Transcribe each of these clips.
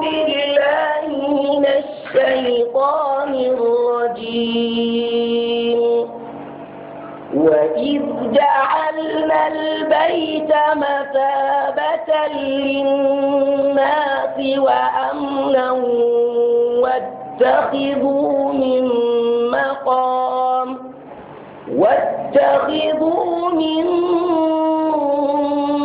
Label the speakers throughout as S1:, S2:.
S1: بالله من الشيطان الرجيم وإذ جعلنا البيت مثابة للناس وأمنا واتخذوا من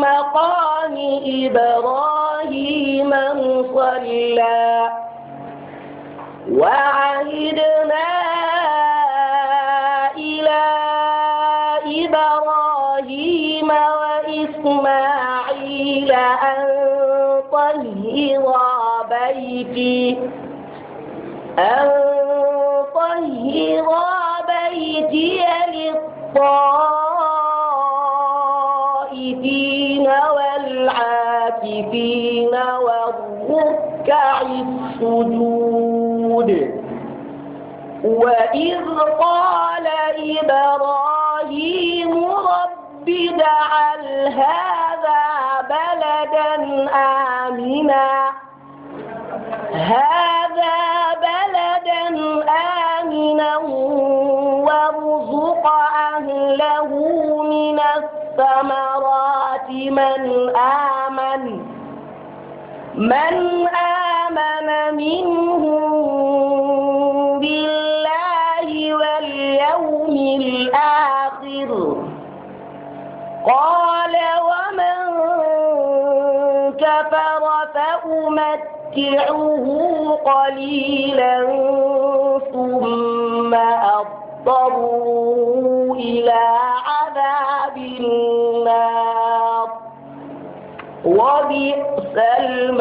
S1: مقام إبراهيم من صلى
S2: وعهدنا
S1: إلى إبراهيم وإسماعيل أن طهر بيتي أن طهر بيتي للطاهر العاكفين والركع السجود وإذ قال إبراهيم رب اجعل هذا بلدا آمنا هذا بلدا آمنا وارزق أهله من السجود الثمرات من آمن من آمن منهم بالله واليوم الآخر قال ومن كفر فأمتعه قليلا ثم أضطروا إلى عذاب النار وبئس المصير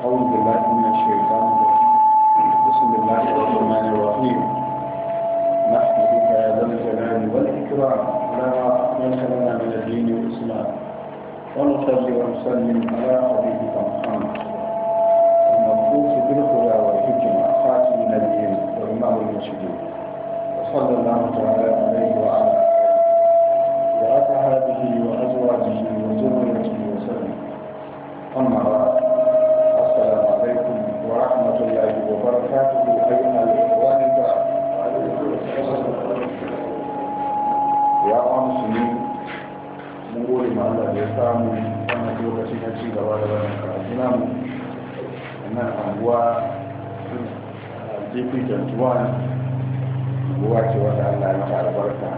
S2: أعوذ بالله من الشيطان بسم الله الرحمن الرحيم نحمدك يا ذا الجلال والإكرام لا من لنا من الدين والإسلام ونصلي ونسلم على حبيبك محمد المبعوث بالهدى والحكمة خاتم النبيين وإمام المرشدين صلى الله تعالى عليه وعلى وأصحابه وأزواجه وذريته وسلم أما بعد السلام عليكم ورحمة الله وبركاته أيها الإخوان الكرام يا مسلمين mun gode ma Allah da ya samu wannan lokaci na ci gaba da wannan karatu namu nan anguwa GP 21 ruwa ce wanda Allah ya mata albarka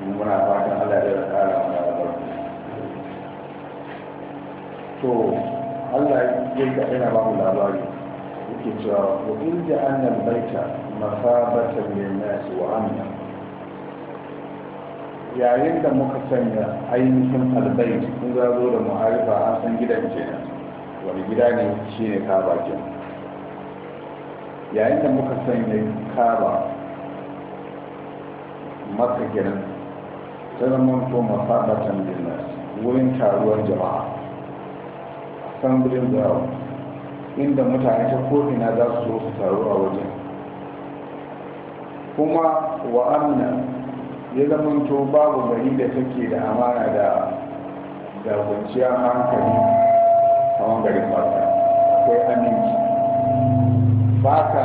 S2: muna fatan Allah ya kara mana albarka to Allah ya ga ina ba mu labari yake cewa wa in da annal baita masabatan lin nas wa amna yayin da muka sanya ainihin albayt kun ga zo da mu'arifa an san gidan kenan wani gida ne shi ne kaba kenan yayin da muka sanya kaba maka gidan ta zama to mafabatan billah wurin taruwar jama'a san gudun zawo inda mutane ta ko'ina za su zo su taru a wajen kuma wa Amina ya zama to babu gari da take da amana da da kwanciyar hankali a wangarin fata akwai aminci ba ka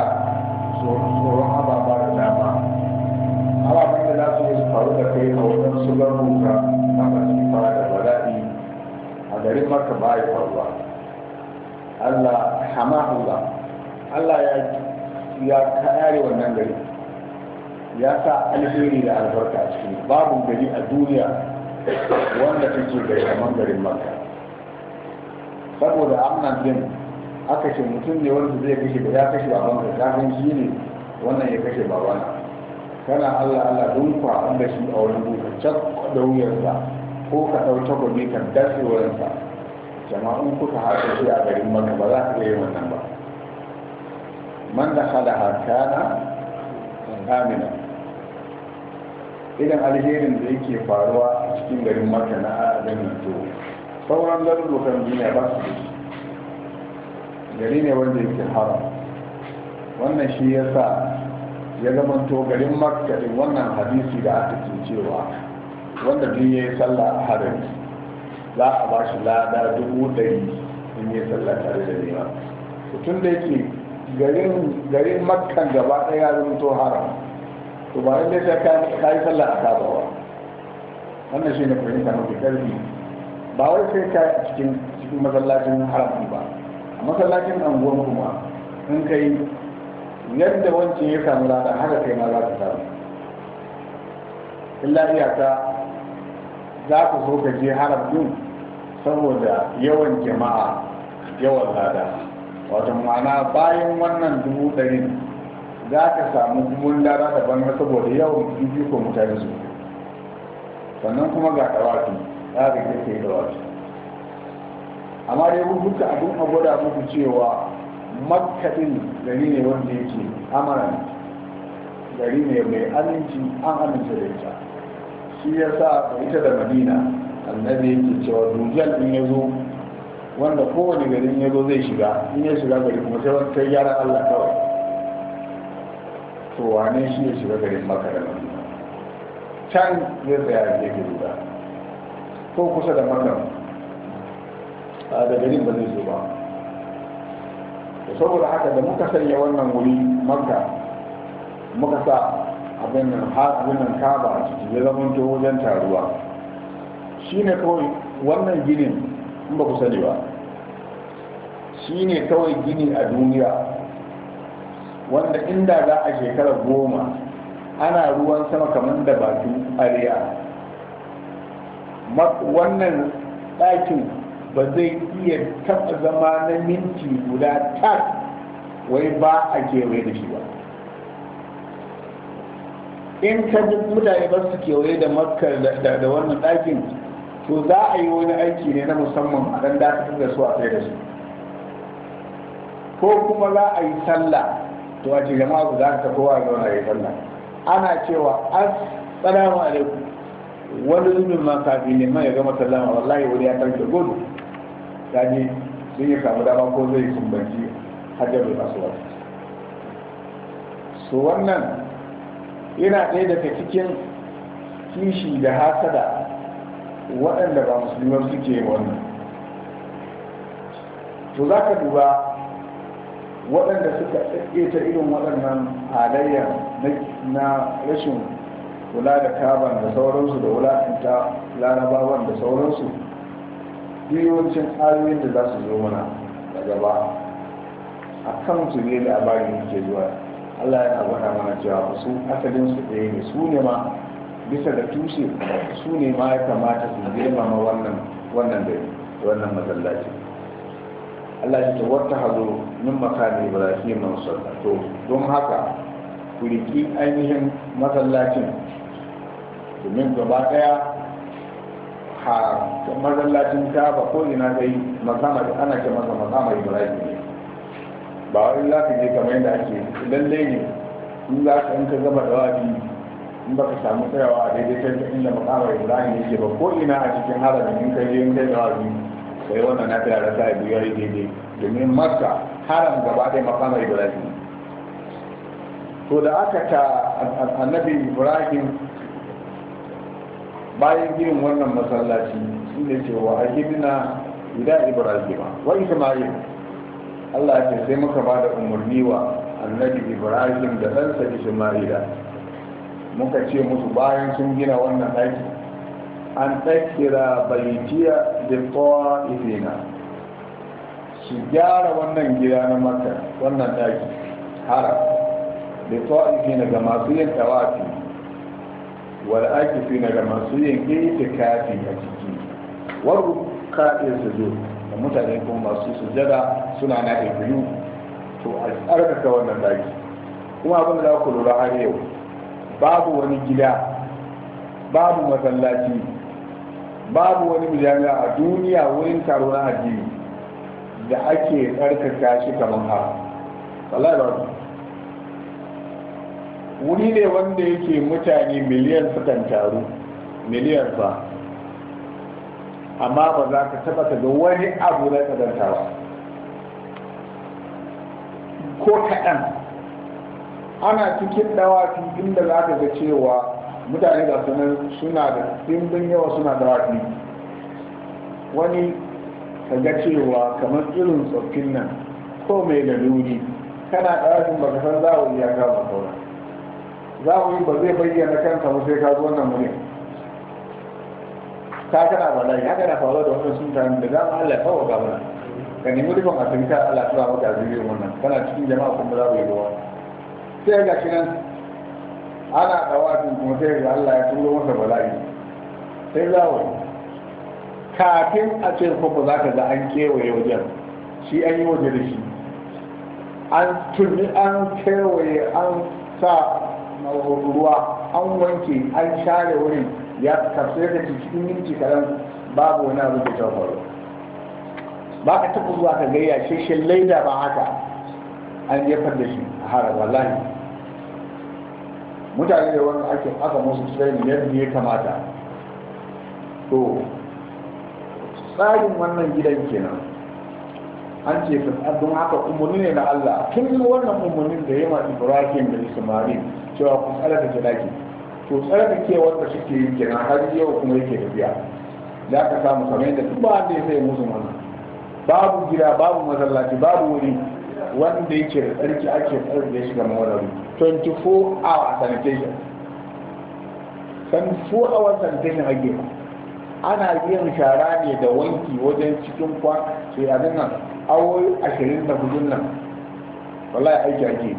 S2: tsoron ababa da dama ababen da za su yi faru da kai a wajen su garuka na fara da bala'i a garin maka ba ya faruwa allah hamahullah allah ya kare wannan gari ya sa alheri da albarka a babu gari a duniya wanda take da kamar garin maka saboda amnan din aka ce mutum ne wanda zai kashe ba ya kashe a ka kafin shi ne wannan ya kashe babana kana allah allah don kwa an da shi a wani duka cak da wuyarsa ko ka ɗau takobi ka dace wurinsa jama'un kuka haka shi a garin maka ba za ka iya wannan ba man da hada hakana amina idan alherin da yake faruwa cikin garin maka na adamin to sauran garurukan duniya ba su da shi gari ne wanda yake haram wannan shi ya sa ya zamanto garin makkaɗin wannan hadisi da aka ce cewa wanda duk ya yi sallah a harin, za a ba shi lada dubu ɗari in ya sallah tare da nema tun da yake garin makkan gaba ɗaya ya zamanto haram to ba yadda ya ka yi sallah a kaba ba wannan shi ne fahimta mafi ƙarfi ba wai sai ka yi a cikin masallacin haram ba masallacin anguwan kuma sun kai yadda wancan ya samu lada haka kai ma za ka samu illa iyaka za ku so ka je haram din saboda yawan jama'a yawan lada wato ma'ana bayan wannan dubu ɗari za ka samu dubun lada daban saboda yawan fifiko mutane su sannan kuma ga ɗawafi za ka ke da amma dai mun duka abin a gwada muku cewa makkaɗin gari ne wanda yake amaran gari ne mai aminci an amince da ita shi ya sa da ita da madina annabi yake cewa dujal in ya zo wanda kowane garin ya zo zai shiga in ya shiga gari kuma sai wata gyara allah kawai to wane shi ya shiga garin maka da madina can zai tsaya ya ke guda ko kusa da makka da garin ba zai zo ba saboda haka da muka sanya wannan wuri makka muka sa abin nan abin nan kaba a ciki ya zama to wajen taruwa shine kawai wannan ginin in ba ku sani ba shine kawai gini a duniya wanda inda za a shekara goma ana ruwan sama kamar da batu a wannan ɗakin ba zai iya taɓa zama na minti guda tak wai ba a kewaye da shi ba in ka duk mutane ba su kewaye da makar da wannan ɗakin to za a yi wani aiki ne na musamman a ɗan dakatar da su a da su ko kuma za a yi sallah to a ce jama'a za ka kowa ga wani sallah ana cewa assalamu alaikum wani zubin ma kafin ne ya gama sallama wallahi wani ya tarke gudu sani sun yi samu dama ko zai sumbanci hajjar aswad su wannan yana ɗaya daga cikin kishi da hasada waɗanda ba musulman suke wannan to za ka duba waɗanda suka ta irin waɗannan halayya na rashin kula da kaban da sauransu da wulaƙanta larabawan da sauransu yawancin ayoyin da za su zo mana da gaba a kan su ne labarin ke zuwa allah ya gwada mana cewa su asalin su ɗaya ne su ne ma bisa da tushe su ne ma ya kamata su girmama wannan wannan da wannan matsalaci allah ya tawarta hazo min makani ibrahim musalla to don haka ku riki ainihin matsalacin domin gaba ɗaya a ta ba ko ina dai mazamari ana ce masa makamar ibrahim ne ba wani za ka je kamar yadda ake lallai ne in za ka in ka gama dawabi in ba ka samu tsayawa a daidai ta inda makamar ibrahim yake ba ko ina a cikin haramin in ka je in kai dawabi sai wannan na da sa biyu yayi daidai domin maska haram gaba ɗaya makamar ibrahim to da aka ta annabi ibrahim bayan ginin wannan masallaci shi ne ce wa ahimna ila ibrahim wa isma'il Allah ce sai muka ba da umarni wa annabi ibrahim da ɗansa isma'ila muka ce musu bayan sun gina wannan ɗaki an tsakira baitiya da tsawa su gyara wannan gida na maka wannan ɗaki har da tsawa ga masu yin tawafi wal na da masu yin itikafi a ciki kafin su zo da mutane kuma masu sujada suna na ibiyu to a tsarkaka wannan daki kuma abin da ku lura har yau babu wani gida babu masallaci babu wani mijami'a a duniya wurin taro na addini da ake tsarkaka shi kamar haka wallahi wuri ne wanda yake mutane miliyan sukan taru miliyan ba amma ba za ka taba ka ga wani abu na tsadantawa ko kaɗan ana cikin dawafi inda za ka ga cewa mutane da sanar suna da dimbin yawa suna dawafi wani ka ga cewa kamar irin tsoffin nan ko mai da luri kana ɗawafin ba ka san za a iya kama kawai Za a yi ba zai bayyana kanka ba sai ka zo nan wurin ne ka ba lai haka na faruwa da wannan sun tarin da dama Allah ya kawo ga mana ka nemi rufin asirka Allah ya tura maka azirin wannan kana cikin jama'a kuma za ku yi ruwa sai ga shi nan ana dawafin kuma sai ga Allah ya turo masa bala'i sai a kafin a ce kuma za ka ga an kewaye wajen shi an yi waje da shi an tuni an kewaye an sa ruwa an wanke an share wurin ya tafsir da cikin minti kaɗan babu wani abu da ta faru ba ka taɓa zuwa ka gayya shi laida ba haka an jefar da shi a hara wallahi mutane da wani ake aka musu training yadda ya kamata to tsarin wannan gidan kenan an ce don haka umarni ne na Allah yi wannan umarnin da yawa Ibrahim da Ismail cewa ku tsarkake daki to ke wanda suke yi kenan har yau kuma yake tafiya da aka samu kamar yadda duk ba wanda ya sai musu mana babu gida babu masallaci babu wuri wanda yake da tsarki ake tsarki ya shiga mawarari 24 hour sanitation 24 hour sanitation gefe ana yin shara ne da wanki wajen cikin kwa sai a nan awoyi ashirin da hudun nan wallahi aiki ake yi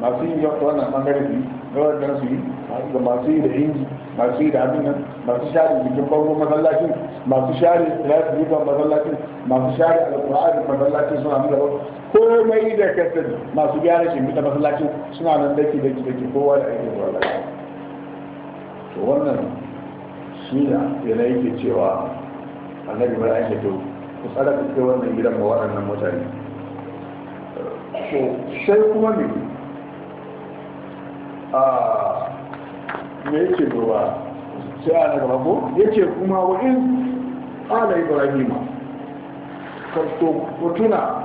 S2: masu yin yau ta wannan bangare su yi wannan su yi da masu yi da inji masu yi da abin nan masu share jikin bango masallacin masu share lafi yukan masallacin masu share alƙur'anin masallacin suna nuna mai da kasar masu gyara shi mita masallacin suna nan daki daki daki kowa da aikin ruwa to wannan shi yana yake cewa annabi mai ake to ku tsara kai wannan gidan ba waɗannan mutane to sai kuma ne a me yake gaba sai a daga bako yake kuma wa'in ala ibrahim karto kutuna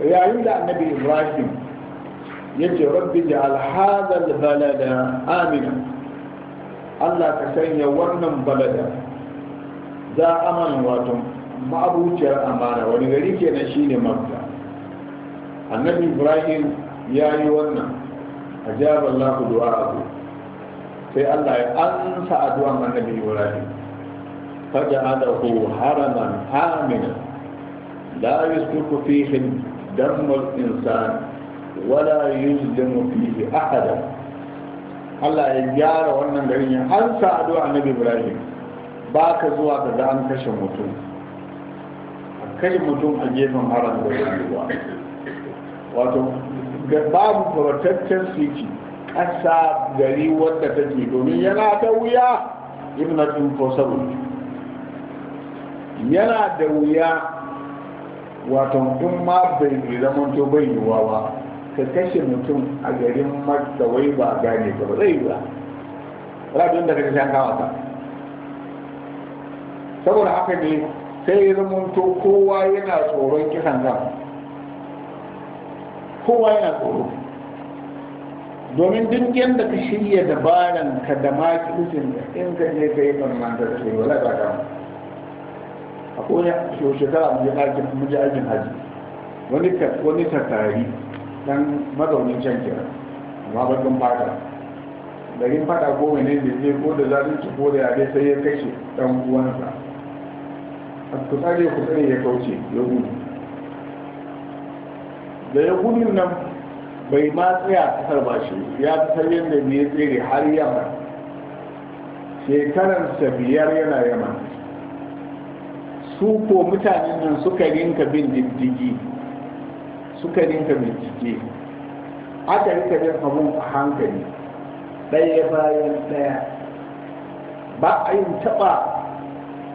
S2: yayin da annabi ibrahim yake rabbi da hadha balada amina Allah ka sanya wannan balada za a amana wato ma'abuciyar amana wani gari kenan shine mafita annabi ibrahim ya yi wannan ajaba Allah du'a'ahu sai Allah ya ansa addu'an annabi Ibrahim faja'alahu haraman amina la yusbiqu fihi damu al-insan wala yuzlimu Allah ya gyara wannan garin ya ansa addu'a annabi Ibrahim ba ka zuwa ka ga an kashe mutum a kai mutum a gefen haram da wato da babu protected city ƙasa gari wadda take domin yana da wuya ibnat impossible yana da wuya wato in ma bai zaman to bai yiwuwa ba ka kashe mutum a garin matsawai ba gane ka ba zai yiwuwa rabin da ka shan kawa saboda haka ne sai ya zama to kowa yana tsoron kisan kan kowa yana tsoro domin duk yadda ka shirya dabaran ka da maki usin da in ka je ka yi farman da ke wala ba ka a kowane shekara mu je aikin mu je aikin haji wani wani tattari dan mazaunin can kira amma bakin fata yin fata ko wani da zai ko da ci ko da yare sai ya kashe dan uwansa a kusa ne kusa ne ya kauce ya gudu da ya gudun nan bai ma tsaya kasar ba shi ya fitar da ne ya tsere har yamma sa biyar yana yamma su ko mutanen nan suka rinka bin diddigi suka rinka bincike aka rika bin abun a hankali ɗaya bayan ɗaya ba a yin taɓa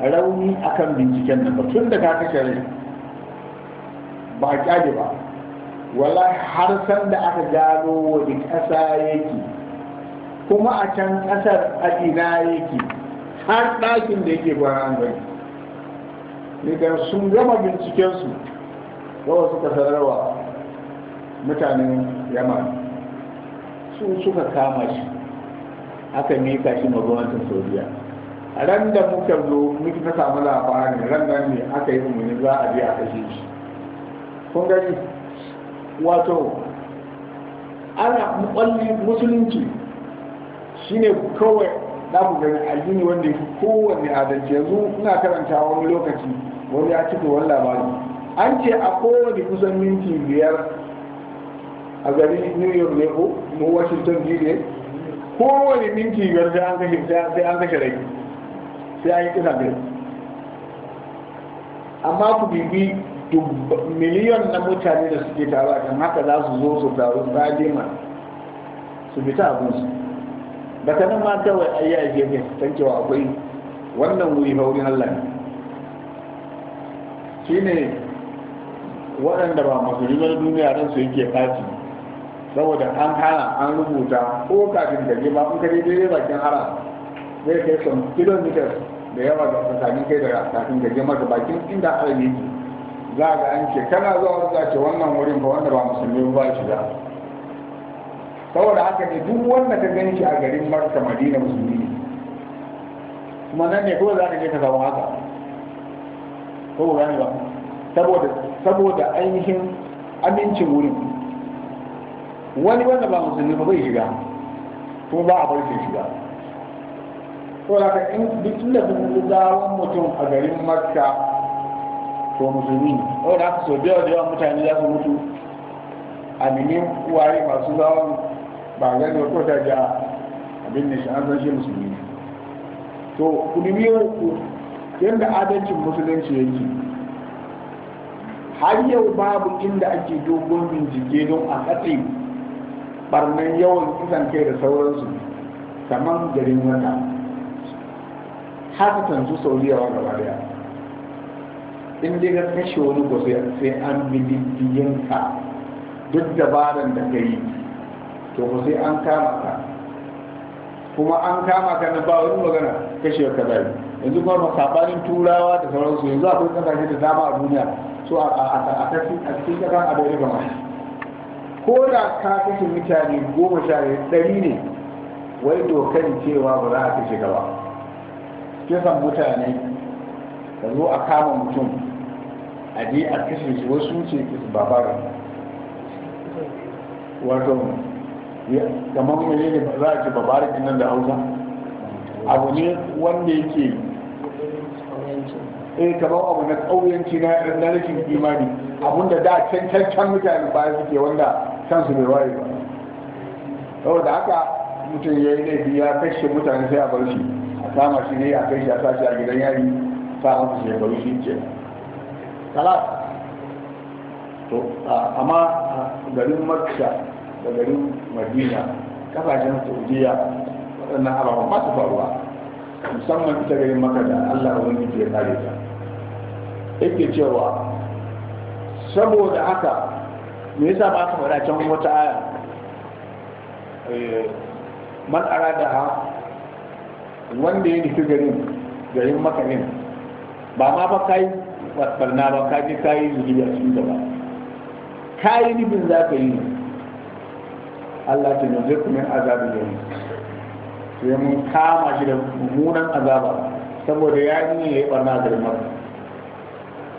S2: rauni akan binciken nan ba da ka kashe rai ba a ba wala har san da aka gano wani ƙasa yake kuma a can ƙasar a ina yake har ɗakin da yake kwana an gani Idan sun gama bincikensu yawa suka sanarwa mutanen yaman su suka kama shi aka mika shi ma gwamnatin saudiya ran da muka zo muka ta samu labarin ran nan ne aka yi umarni za a je a kashe shi kun gani wato ana mukalli musulunci shine kawai Na ku gani addini wanda kowanne adalci yanzu ina karanta wani lokaci wani ya cika wani labari an ce a kowane kusan minti biyar a gari new york ne ko mu washington dc kowane minti biyar sai an kashe sai an kashe rai sai an yi kisa biyar amma ku bibi miliyon na mutane da suke taru a kan haka za su zo su taru tsadima su fita abinsu da ta nan ma kawai a yi a ne ta cewa akwai wannan wuri haurin allah ne shi ne waɗanda ba musulman duniya don su yake faci saboda an hana an rubuta ko kafin da ba kun kare dai-dai bakin haram zai kai son kilomitas da yawa ga tsakanin kai da kafin da je da bakin inda ala yake za ga an ce kana zuwa wanda ce wannan wurin ba wanda ba musulmi ba shi da. saboda haka ne duk wanda ka gani shi a garin marka madina musulmi ne kuma nan ne kawai za ka je ka samu haka ko ba ne ba saboda saboda ainihin amincin wurin wani wanda ba musulmi ba zai shiga ko ba a bar shi shiga saboda haka in duk inda sun zawon mutum a garin makka to musulmi ne saboda haka sau biyar da yawan mutane za su mutu a nemin uwaye masu zawon ba gani ko ta abin da shi an san shi musulmi ne to ku nemi yadda adalcin musulunci yake har yau babu inda ake dogon bincike don a katse barnan yawan kisan kai da sauransu kamar garin wata haka tanzu sau da yawa gaba daya in dai ka kashe wani ba sai an bididdiyin ka duk dabaran da ka yi to ba sai an kama ka kuma an kama ka na ba wani magana kashe ka zai yanzu kuma ba sabanin turawa da sauransu yanzu akwai kasashe da dama a duniya so a cikin kasan amerika ma ko da ka kashe mutane goma sha ɗari ne wai dokan cewa ba za a kashe ka ba kisan mutane ka zo a kama mutum a je a kashe shi wasu ce babara wato kamar mene ne za a ce babara nan da hausa abu ne wanda yake eh kamar abu na ƙauyanci na rikin imani abinda da can can can mutane baya suke wanda kansu bai waye ba da haka mutum ya yi laifi ya kashe mutane sai a bar shi a kama shi ne a kai shi a sashi a gidan yari sa masa shekaru shi ce talat to amma garin makka da garin madina kasashen saudiya waɗannan ababen ba su faruwa musamman ita garin maka da allah ba wani ke kare ta yake cewa saboda haka me yasa ba ka faɗa can wata aya eh, man arada ha wanda ya nufi garin garin ne ba ma ba yi ɓarna ba ka je ka yi zunubi a cikin gaba ka yi nufin za ka yi Allah ta nuna zai kuma azabin yau sai mun kama shi da mummunan azaba saboda ya yi ya yi barna da rimar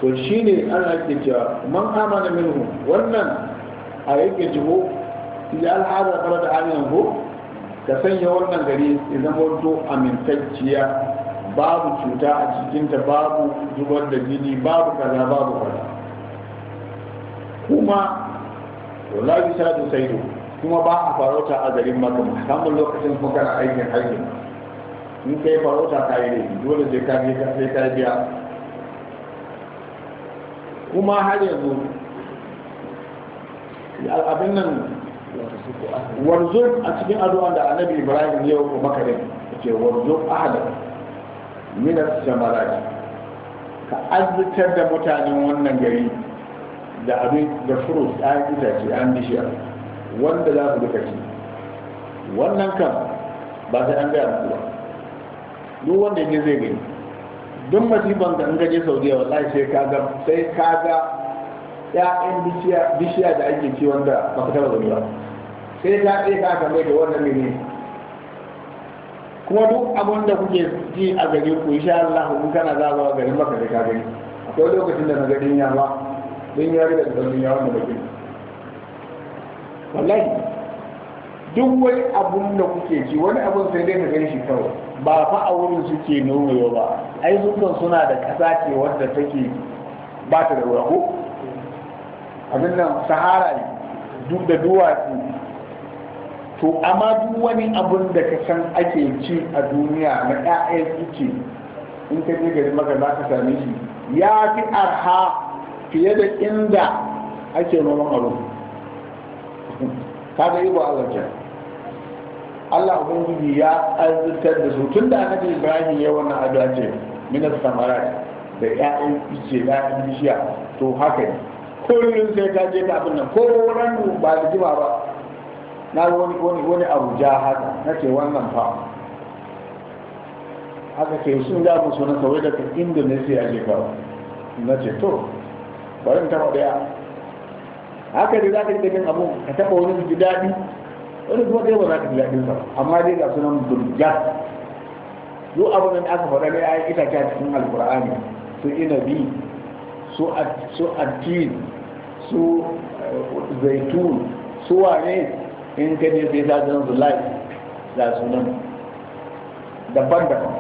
S2: to shi ne Allah ke cewa man amana minhu wannan a yake jiho ya al'ada kala da hanyar ko ka sanya wannan gari ya zama to amintacciya babu cuta a cikinta babu zubar da jini babu kaza babu kaza kuma wallahi bisa da saido kuma ba a farauta a garin maka musamman lokacin kuma kana aikin haji in kai farauta ka yi laifi dole sai ka sai ka biya kuma har yanzu abin nan warzo a cikin addu'a da annabi ibrahim ya yi maka ne wanzu warzo ahadan minas jamarat ka azzitar da mutanen wannan gari da abin da furus ayan itace an bishiya wanda za su duka ci wannan kan ba sai an gaya muku duk wanda yake zai gani duk masifan da in ka je saudiya wallahi sai ka ga sai ka ga ya'yan bishiya da ake ci wanda ba ka taba gani ba sai ka tsaye ka kamar da wannan ne kuma duk abin da kuke ji a gari ku insha Allah kun kana zaba garin maka da ka gani akwai lokacin da na ga dinya ba, din ya riga da dinya wannan da kin wallahi duk wani abun da kuke ji wani abun sai dai ka gani shi kawai ba fa a wurin suke nomewa ba ai sukan suna da kasa ce wadda take ba ta da ruwa ko abin nan sahara ne duk da duwatsu to amma duk wani abun da ka san ake ci a duniya na 'ya'yan suke in ka je gari maka za ka same shi ya fi arha fiye da inda ake noman aro ka ga ibo azarta Allah ubangiji ya azurtar da su tun da annabi Ibrahim ya wannan addu'a ce minas samarat da 'ya'yan ice 'ya'yan bishiya to haka ne kullum sai ka je ka abin nan ko wani ba da jima ba na wani wani wani ja haka na ce wannan fa haka ke sun ga musu na kawai daga indonesia ke kawo na ce to bari ta taɓa daya haka dai za ka yi abu ka taɓa wani ji daɗi wani kuma ɗaya ba za ka ji daɗin sa amma dai ga sunan burja duk abin da aka faɗa ne yi itace a cikin alkur'ani su inabi su addin, su eh, zaitun su wane in ka ne sai ta zan su za su nan daban-daban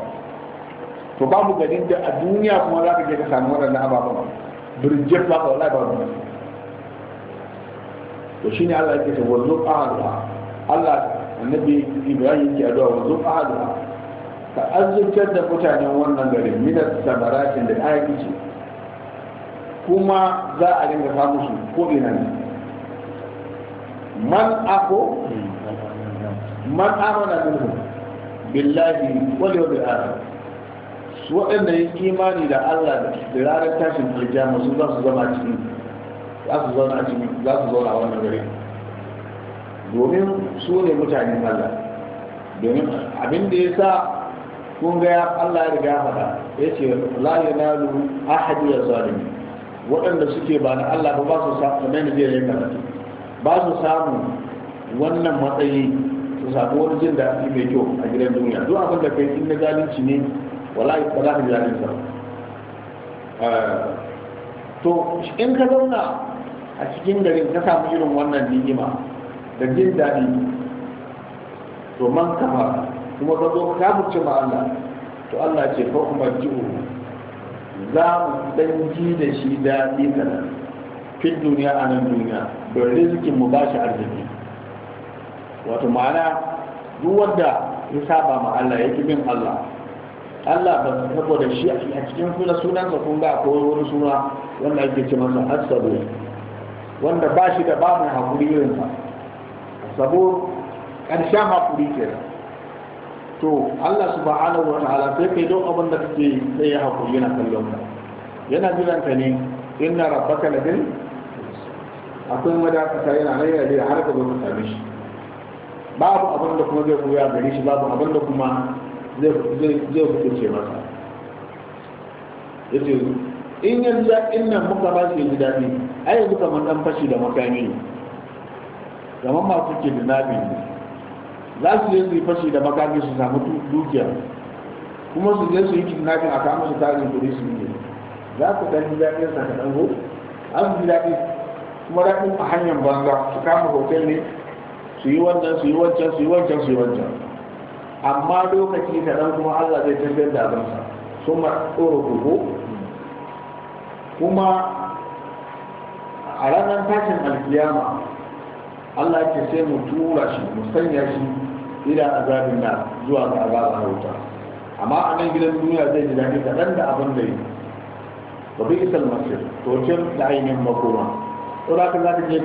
S2: to babu gani da a duniya kuma za ka je ka samu waɗannan ababen birjif ba ka wallahi babu to shine Allah yake ce wanzu qahara Allah annabi Ibrahim ke addu'a wanzu qahara ka azzutar da mutanen wannan gari minas samaratin da ayyuki kuma za a dinga samu su ko ina ne من ako من amana منه بالله wal yawmil سواء su waɗanda إلى الله da Allah da ranar tashin aljama su za zama cikin za a cikin zauna a wannan domin su ne mutanen Allah domin abin da ya sa kun ga Allah ya riga faɗa ya ce la yanalu ahadi ya zalimi waɗanda suke ba na Allah ba ba su sa kamar da zai yi karatu ba su samu wannan matsayi su samu wani jin daɗi mai kyau a gidan duniya duk abin da kai in na zalunci ne wallahi ba za ka ji daɗin sa eh, to in ka zauna a cikin garin ka samu irin wannan ni'ima da jin daɗi to man kafa kuma ka zo ka fice ma Allah to Allah ce fa ji'u za mu ɗan ji da shi daɗi kana fi duniya a nan duniya bin rizkin mu ba shi arziki wato ma'ana duk wanda ya saba ma Allah ya bin Allah Allah ba saboda shi a cikin suna sunansa kun ga akwai wani suna wanda ake ce masa asabu wanda ba shi da ba mai hakuri irin sa sabo ƙarshen hakuri ke to Allah subhanahu wa ta'ala sai kai don abin da kake sai ya hakuri yana kallon ka yana jiran ka ne inna rabbaka ladin akwai madafata yana nan yana da harka ka zo same shi babu abin da kuma zai buya gare shi babu abin da kuma zai hukunce masa ya ce in yanzu in nan muka ba shi daɗi ai yanzu kamar ɗan fashi da makami ne kamar masu ke da nabi ne za su je su yi fashi da makami su samu dukiya kuma su je su yi kidnapping a kama su tarin kuɗi su yi za ku ɗan ji daɗin sa ka an ji daɗi kuma daɗin a hanyar banza su kama hotel ne su yi wannan su yi wancan su yi wancan su yi wancan amma lokaci kaɗan kuma allah zai tafiyar da abinsa sun ma tsoro kuku kuma a ranar tashin alkiyama allah ke sai mu tura shi mu sanya shi ila azabin na zuwa ga azabar wuta amma a nan gidan duniya zai ji daɗi kaɗan da abin da yi ba bi isal masir to da ainihin makoma saboda ka za ka je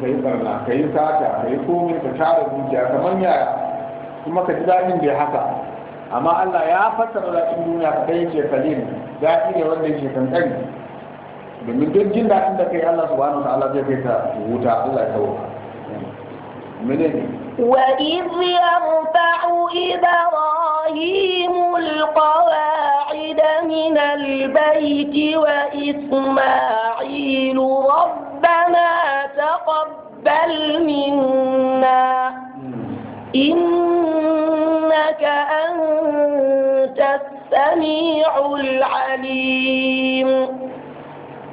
S2: ka yi barna ka yi sata ka yi komai ka tara zuciya kamar yaya kuma ka ji daɗin bai haka amma Allah ya fassara daɗin duniya ka kai ce kalin daɗi ne wanda yake tantani domin duk jin daɗin da kai Allah subhanahu wa ta'ala zai kai ta wuta Allah ya tawo menene
S1: وإذ يرفع إبراهيم القواعد من البيت وإسماعيل ربنا تقبل منا إنك أنت السميع العليم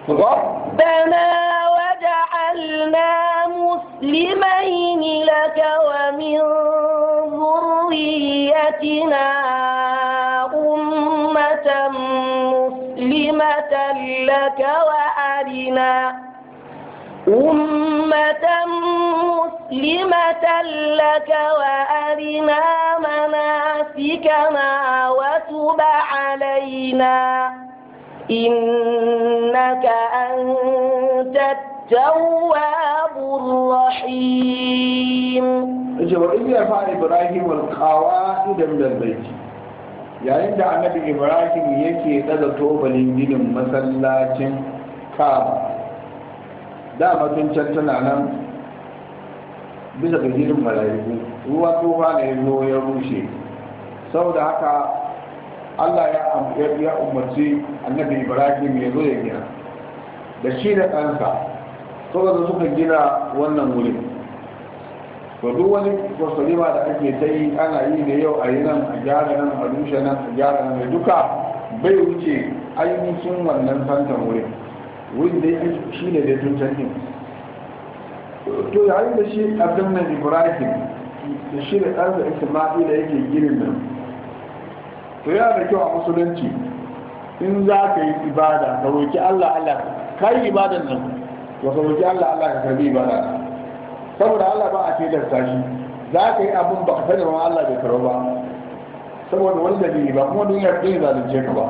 S1: رب ربنا وجعلنا مسلمين لك ومن ذريتنا أمة مسلمة لك وأرنا أمة مسلمة لك وأرنا مناسكنا وتب علينا إنك أنت التواب الرحيم
S2: وإذ يرفع إبراهيم القواعد من البيت yayin da annabi ibrahim yake daga tobalin ginin masallacin kaba da matun tana nan bisa ga ginin mala'iku ruwa tsofa ne ya rushe Sau da haka Allah ya ya umarci annabi Ibrahim ya zo ya gina da shi da ɗansa saboda suka gina wannan wurin to duk wani kwasalima da ake ta yi ana yi da yau a yi nan a gyara nan a rushe nan a gyara nan da duka bai wuce ainihin wannan fanta wurin wurin da shi ne da tun canjin to yayin da shi abin nan ibrahim da shi da ɗansa isma'ila yake ginin nan to yana da kyau a musulunci in za ka yi ibada ka roki Allah Allah ka yi ibadan nan to ka roki Allah Allah ka karbi ibada saboda Allah ba a tilasta tashi za ka yi abin ba ka sani ba Allah bai karo ba saboda wani ne ba kuma duniyar yi zalunce ka ba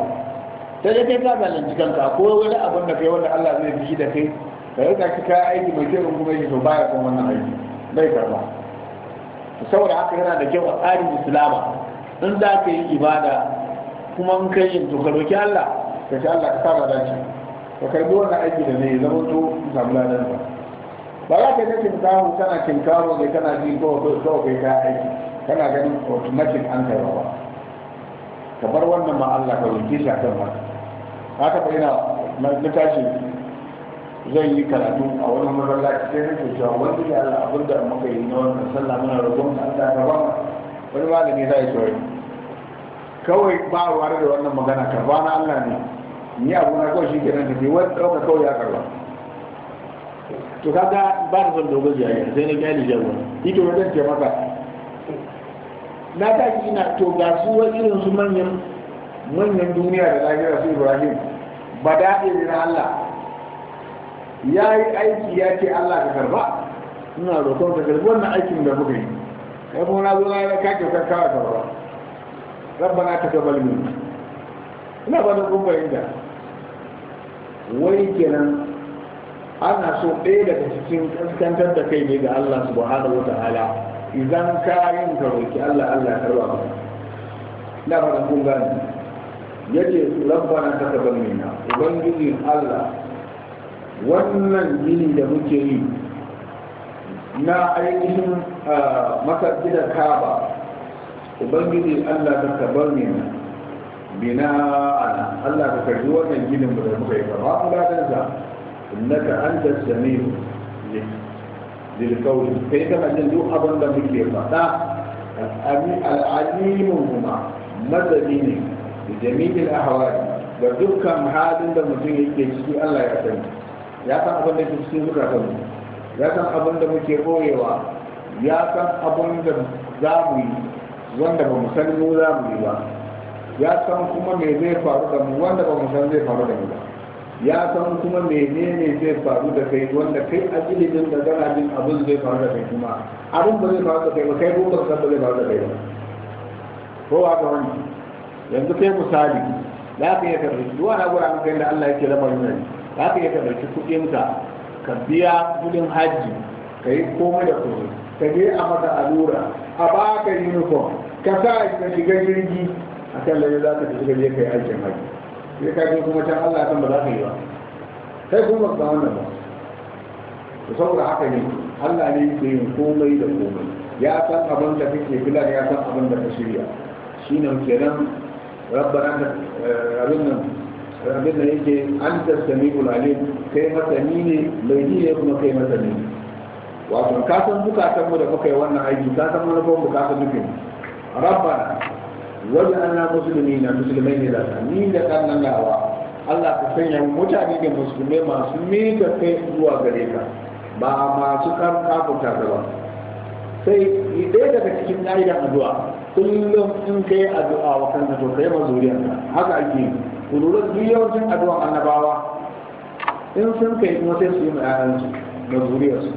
S2: sai dai kai ka zalunci kanka ko wani abin da kai wanda Allah zai bi da kai ka yi zaki kayan aiki mai kyau kuma yi to baya kuma wannan aiki bai karba saboda haka yana da kyau a tsarin islama in za ka yi ibada kuma in kai yin to ka roki Allah ka ce Allah ka saba dace ka karbi wannan aiki da zai zama to samu ladan ba ba za ka kace kawo kana kin kawo kai kana ji ko ko kai ka aiki kana ganin automatic an kai ba ka bar wannan ma Allah ka roki shi akan haka haka ba ina na tashi zai yi karatu a wani masallaci sai nake cewa wanda ya Allah abinda muka yi na wannan sallah muna roƙon Allah ka ba wani malami zai yi kawai ba a ware da wannan magana karba na Allah ne ni abu na kawai shi ke nan tafi wani ɗauka kawai ya karba to kaga ba da son dogon jiyayya sai na gani jiyayya ito wajen ce maka na ki ina to ga su wani irin su manyan manyan duniya da lahira su ibrahim ba da ne na Allah ya yi aiki ya ce Allah ka karba ina roƙon ka karbi wannan aikin da muka yi kai kuma na zo na yi ka kyautar kawai karba na ta taqabbal ne, ina ba da kun da. wai kenan ana so ɗaya daga cikin kaskantar da kai ne ga Allah subhanahu wataala idan ka yin ka roki Allah Allah karba ba ina ba da kun gane yace rabbana taqabbal na ubangiji Allah wannan gini da muke yi na ainihin ah, masar gidan kaba ubangiji allah ka tabar mina bina allah ka karbi wannan ginin da muka yi ba ku ladan sa ka anta samiu lil qawli kai kana jin duk abin da muke faɗa al'alimun kuma mazali ne da jami'in ahawari ga dukkan halin da mutum yake ciki allah ya sani ya san abin da ke cikin zukatanmu ya san abin da muke koyewa ya san abin da za mu yi wanda ba mu san mu za mu yi ba ya san kuma me zai faru da mu wanda ba mu san zai faru da mu ba ya san kuma menene zai faru da kai wanda kai a ilimin da gana jin abin zai faru da kai kuma abin ba zai faru da kai ba kai ko ba san ba zai faru da kai ba ko wa ga wani yanzu kai misali za ka iya karbi duk wani gura an kai da Allah yake lamarin nan za ka iya karbi kuɗin ka ka biya kuɗin hajji ka yi komai da komai ka je a maka allura a baka uniform ka sa ka shiga jirgi a kan lalle za ka shiga je kai aikin haji sai ka je kuma can Allah san ba za ka yi ba Kai kuma ba wannan ba to saboda haka ne Allah ne yake yin komai da komai ya san abin da kake filan ya san abin da ka shirya shine kenan rabbana eh, abin nan abin da yake an tasami alim kai masani ne mai ne kuma kai masani wato ka san bukatan mu da muka yi wannan aiki ka san manufar bukatan nufin ربنا waj'alna مسلمين مسلمين ne da ni da kannan nawa Allah ka sanya mutane da musulmai masu mika kai gare ka ba masu karkafuta da ba sai idai daga cikin ƙa'idar addu'a kullum in kai addu'a wa kanka to kai mazuriyar haka ake ku lura duk yawancin addu'an annabawa in sun kai kuma sai su yi mazuriyarsu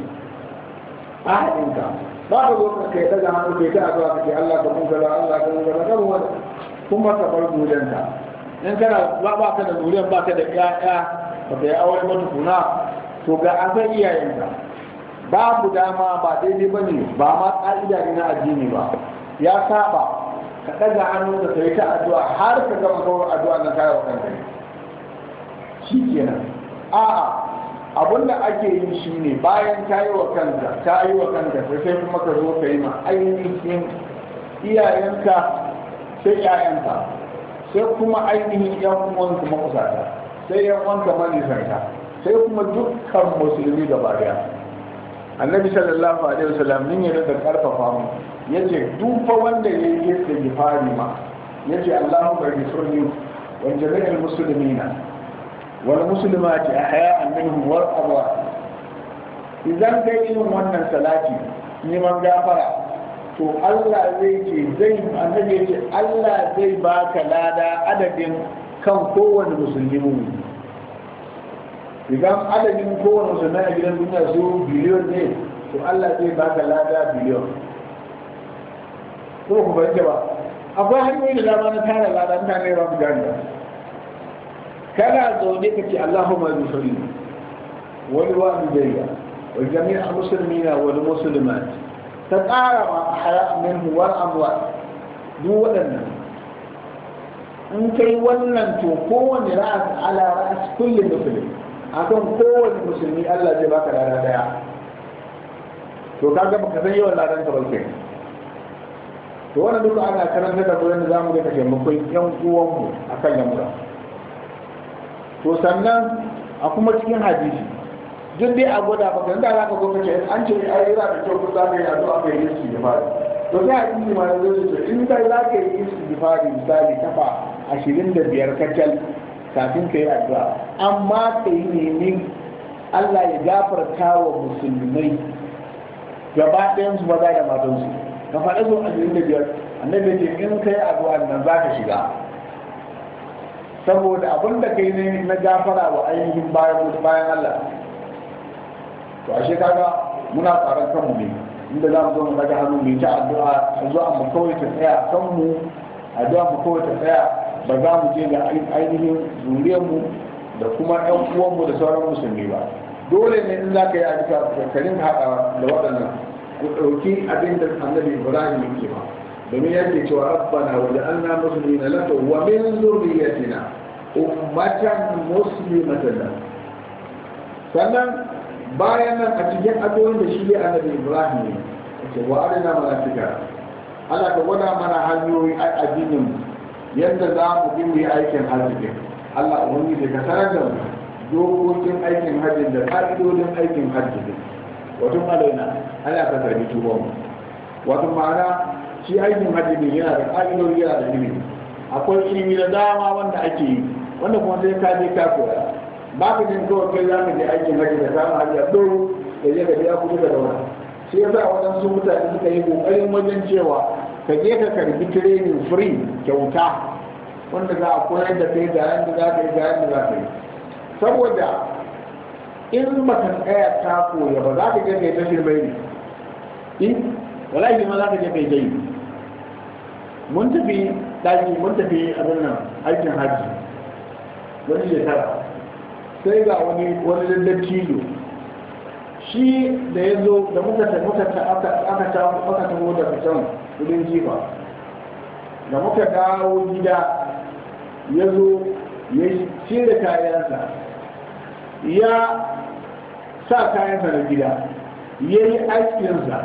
S2: a ka ba ka zo ka kai daga hannu kai ta addu'a kake Allah ka mun gaba Allah ka mun gaba ka kuma ka bar duriyan ka in kana ba ba ka da duriyan ba ka da ƴaƴa ba ka yi aure ba tukuna to ga an san iyayen ka babu dama ba daidai ba ne ba ma ƙa'ida ne na addini ba ya saba ka ɗaga hannu ka kai ta addu'a har ka gama kawai addu'a na kayan kanka shi kenan a'a abinda da ake yi shi ne bayan ta yi wa kanta ta yi wa kanta sai sai kuma ka zo ka yi ma ainihin iyayenka sai iyayenka sai kuma ainihin yan uwanka makusata sai yan uwanka manisanta sai kuma dukkan musulmi gaba daya annabi sallallahu alaihi wasallam nin ya da karfafa mu yace duk fa wanda ya yi da ya ma yace Allahumma ghfirli wa jami'al muslimina والمسلمات أحياء منهم والأموات إذا كان wannan salati neman gafara to Allah zai ce zai annabi ce Allah zai baka lada adadin kan kowane musulmi mu idan adadin kowane musulmi a gidan duniya su biliyon ne to Allah zai baka lada biliyon ko ku bayyana ba akwai hanyoyi da dama na tara lada mutane ba mu gani ba كلا ذلك اللهم المسلمين والوالدين والجميع المسلمين والمسلمات تتعرف أحياء منه والأموات دو ودن انك يولن تكون رأس على رأس كل المسلمين أكون كل مسلم ألا جباك على رأس تو كان كان يولا دان تولك تو انا دوك انا كان نتا كولن زامو كتا كيم كوي يوم كوم اكا جامو to sannan a kuma cikin hadisi duk dai a gwada ba kan da za ka gwamnati an ce ai yana da kyau kusa da yanzu aka yi iski da fari to sai hadisi ma yanzu su ce in dai za ka yi iski da fari misali kafa ashirin da biyar kacal kafin ka yi addu'a amma ka yi nemin Allah ya gafarta wa musulmai gaba ɗayan su maza da matansu ka faɗa zo ashirin da biyar annabi ce in ka yi addu'a nan za ka shiga saboda abin da kai ne na gafara wa ainihin bayan bayan Allah to ashe kaga muna tsaron kanmu ne inda za mu zo mu daga hannu mai ta addu'a zuwa mu kawai ta tsaya kanmu addu'a mu kawai ta tsaya ba za mu je ga ainihin zuriyarmu da kuma ƴan uwanmu da sauran musulmi ba dole ne in za ka yi addu'a ka rinka haɗa da waɗannan ku ɗauki abin da annabi Ibrahim yake ba domin yake cewa rabbana wa ja'alna muslimina laka wa min zurriyyatina ummatan muslimatan lak sannan bayan nan a cikin addu'o'in da shi ne annabi Ibrahim ne ce wa arina manatika Allah ka gwada mana hanyoyi a addinin yadda za mu bi mu yi aikin hajji Allah ubangiji ka sanar da mu dokokin aikin hajji da ka'idodin aikin hajji wato alaina Allah ka tarbi tuwon wato ma'ana shi aikin hajji ne yana da ƙa'idodi yana da limit akwai ilimi na dama wanda ake yi wanda kuma sai ka je ka koya ba ka jin kawai kai za ka je aikin hajji da samun hajji a doro da je ka biya kuɗi da wani shi yasa waɗansu mutane suka yi ƙoƙarin wajen cewa ka je ka karbi training free kyauta wanda za a koyar da kai ga yadda za ka yi ga yadda za ka yi saboda in ba ka tsaya ta koya ba za ka je kai ta shirme ne in eh? wala ma za ka je kai ta yi mun tafi ɗaki mun tafi a nan aikin hajji wani shekara sai ga wani wani dattijo shi da ya zo da muka ta muka ta aka aka ta aka ta da fitan jifa da muka dawo gida ya zo ya cire kayansa ya sa kayansa na gida ya yi aikinsa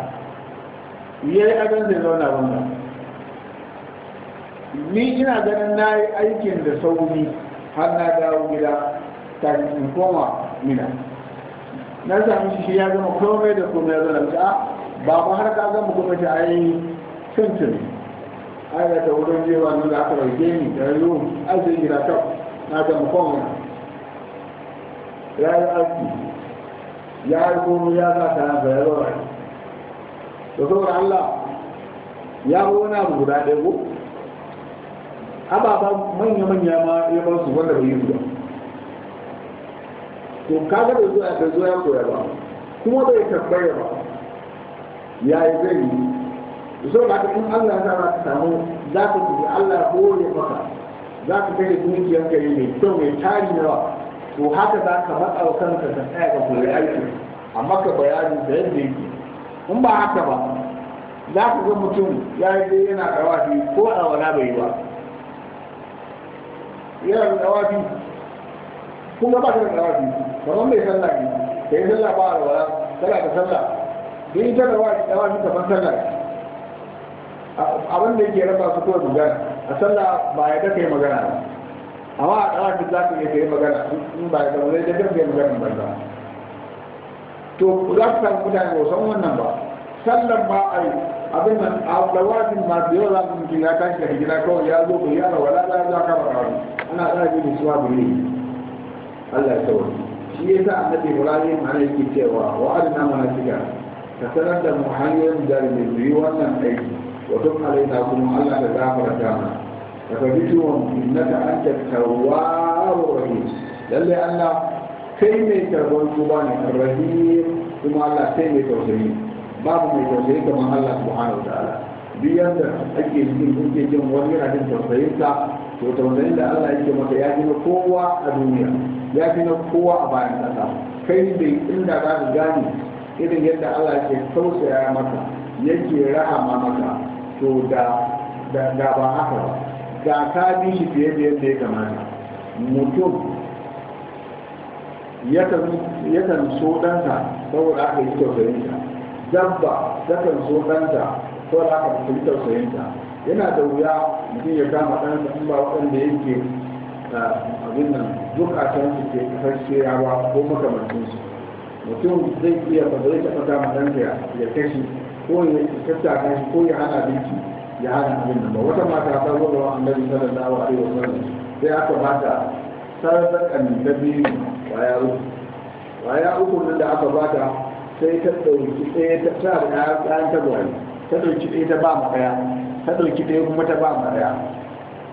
S2: ya yi abin da ya zauna wannan ni ina ganin na yi aikin da sauri har na dawo gida ta in koma mina na sami shi shi ya zama komai da komai ya zana ta ah, ba ba har ka gama kuma ta yi cincin ai ta wurin jewa nan da aka rage ni da yau arziki gida ta na gama komai ya yi aiki ya yi komai ya za ta nan ya zaura da saboda Allah ya wani abu guda ɗaya ko ababa manya-manya ma ya ba su wanda bai yi zuwa to kaga da zuwa da zuwa ya koya ba kuma bai tambaya ba ya yi zai yi so ba in Allah ya sa ka samu za ka tafi Allah hore maka za ka kai dukiyar ka yi mai kyau mai tari nawa? to haka za ka matsa wa kanka ka tsaya ka koyi aiki amma ka bayani da yadda yake in ba haka ba za ka ga mutum ya yi yana karawa ko a wala bai ba yana da dawafi kuma ba ta da dawafi kamar mai sallah ne da yi sallah ba a wala tana da sallah da yi tana wa ta kamar sallah abin da yake raba su kawai magana a sallah ba ya ta yi magana ba amma a dawafi za ka iya yi magana in ba ya zama zai da kan magana ba to za ku samu mutane ba san wannan ba sallan ba a yi abin nan a lawafin masu yau za su mutu ya tashi daga gida kawai ya zo bai yana wala da za ka ba ana a yi da suwa bai Allah ya tsawon shi ya sa annabi Ibrahim ana yake cewa wa mana manasika ka sanar da mu hanyoyin da su yi wannan aiki wa duk ta kuma Allah da ka gafarta mana ka fahimci wa innaka anta tawwabur rahim lalle Allah kai mai karban tuba ne rahim kuma Allah kai mai tausayi babu mai tausayi kamar Allah subhanahu wa ta'ala duk yadda ake jin kuke jin wani yana jin tausayin ka? to tausayin da Allah yake maka ya fi na kowa a duniya ya fi na kowa a bayan ƙasa kai ne inda za ka gane irin yadda Allah ke tausaya maka yake rahama maka to da da ba haka ba da ka bi shi fiye da yadda ya kamata mutum yakan so ɗansa saboda aka yi tausayin sa dabba takan zo ɗanta ko da aka fi tausayinta yana da wuya mutum ya kama ɗansa in ba waɗanda yake abin nan duk a can su ke kashe ba ko makamancin su mutum zai iya ba zai taɓa kama ɗansa ya kashi ko ya tattaka shi ko ya hana abinci ya hana abin nan ba wata mata ta zo da da sallallahu alaihi sanar sai aka bata sarrafa ba ya waya ba waya uku da aka bata sai ta ɗauki ɗaya ta tara da ɗayan tagwaye ta ɗauki ɗaya ta ba ma ɗaya ta ɗauki ɗaya kuma ta ba ma ɗaya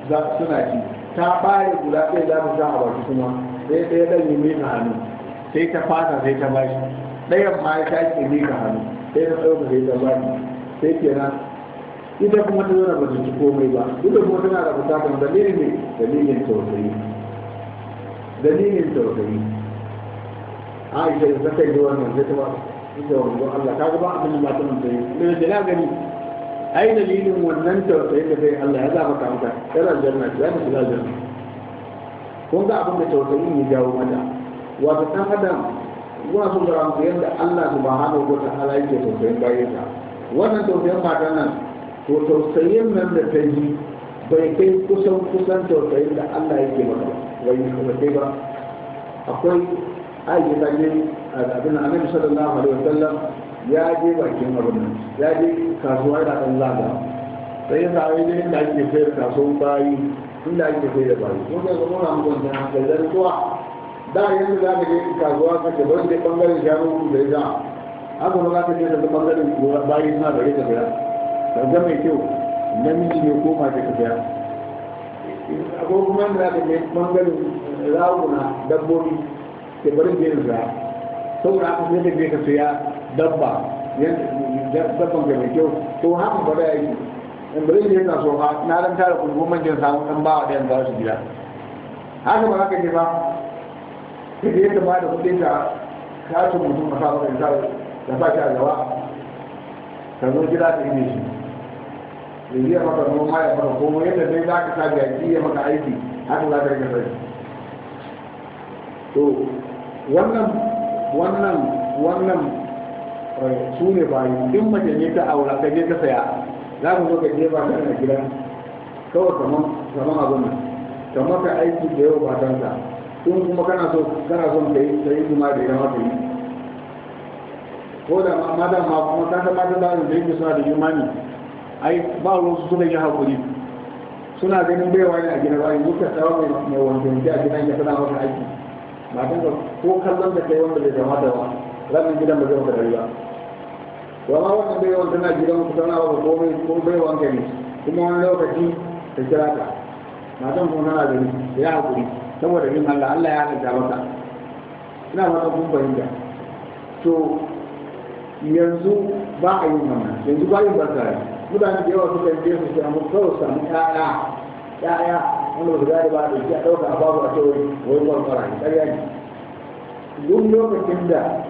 S2: za suna ci ta ɓare guda ɗaya za ta sa a baki kuma sai ɗaya ɗan yi mika hannu sai ta fata sai ta bashi ɗayan ma ya sake ka hannu sai ta ɗauka sai ta bashi sai kenan ita kuma ta zana ba su ci komai ba ita kuma tana da bukatar dalilin ne dalilin tausayi dalilin tausayi aisha da ta kai wannan zai ta ba suke wanzu Allah ta ga ba abin da mata mun tayi ne da na gani ai dalilin wannan tausayi da sai Allah ya zama ka maka kana janna ya ta shiga janna kun ga abin da tausayi ne jawo mata wato dan adam muna so ga mu yanda Allah subhanahu wa ta'ala yake tausayin ta. wannan tausayin matan nan to tausayin nan da ta yi bai kai kusan kusan tausayin da Allah yake maka wai ba akwai a je bakin abin annabi sallallahu alaihi Sallam ya je bakin abin ya je kasuwa da dan zaga sai ya sai ne inda ake sayar kasuwar bayi inda ake sayar da bayi ko da kuma na mutum da kallon kuwa da yanzu za ka je kasuwa ka ce bari da bangaren shanu da ya haka ba za ka je daga bangaren bayi suna da rika biya kaga mai kyau namiji ne ko mace ka biya akwai kuma da za ka je bangaren raguna dabbobi sai bari je da saya saboda haka sai ka je ka saya dabba dabban ga mai kyau to haka ba da yi in bari je na so ba na dan tara kuɗi kuma je samu dan bawa da yanzu su gida haka ba haka ne ba sai da yadda ba da kuɗi ta kashin mutum ka sa maka ya sa shi a gaba ka zo gida ka yi shi da zai maka noma ya maka komo yadda dai za ka sa jaki ya maka aiki haka za ka rika sai to wannan wannan wannan eh, su ne bayan in mace ne ta aura ka je ta saya za mu zo ka je ba kan gidan kawai kaman kaman abun nan ta maka aiki da yau ba kansa in kuma kana so kana son ka yi ka yi kuma da yawa ka yi ko da da ma kuma ka ta mata da da yake suna da imani ai ba ruwan su suka yi hakuri suna ganin baiwa ne a gidan bayan duka tsawa mai wanda a gidan ya tana maka aiki matan ka ko kallon da kai wanda bai kamata ba rabin gidan ba zai da dari ba ma wannan bai wanda tana gidan ku tana ba komai ko bai wanka ne kuma wani lokaci ta kira ka matan kuma tana gani ya hakuri saboda bin Allah Allah ya halitta maka ina fata kun fahimta to yanzu ba a yin wannan yanzu ba yin barka mutane da yawa suka yi jefa su samu kawai samu ƴaƴa ƴaƴa wanda ba su gane ba da ya ɗauka a babu a ce wai wai wani fara ne ƙarya ne duk lokacin da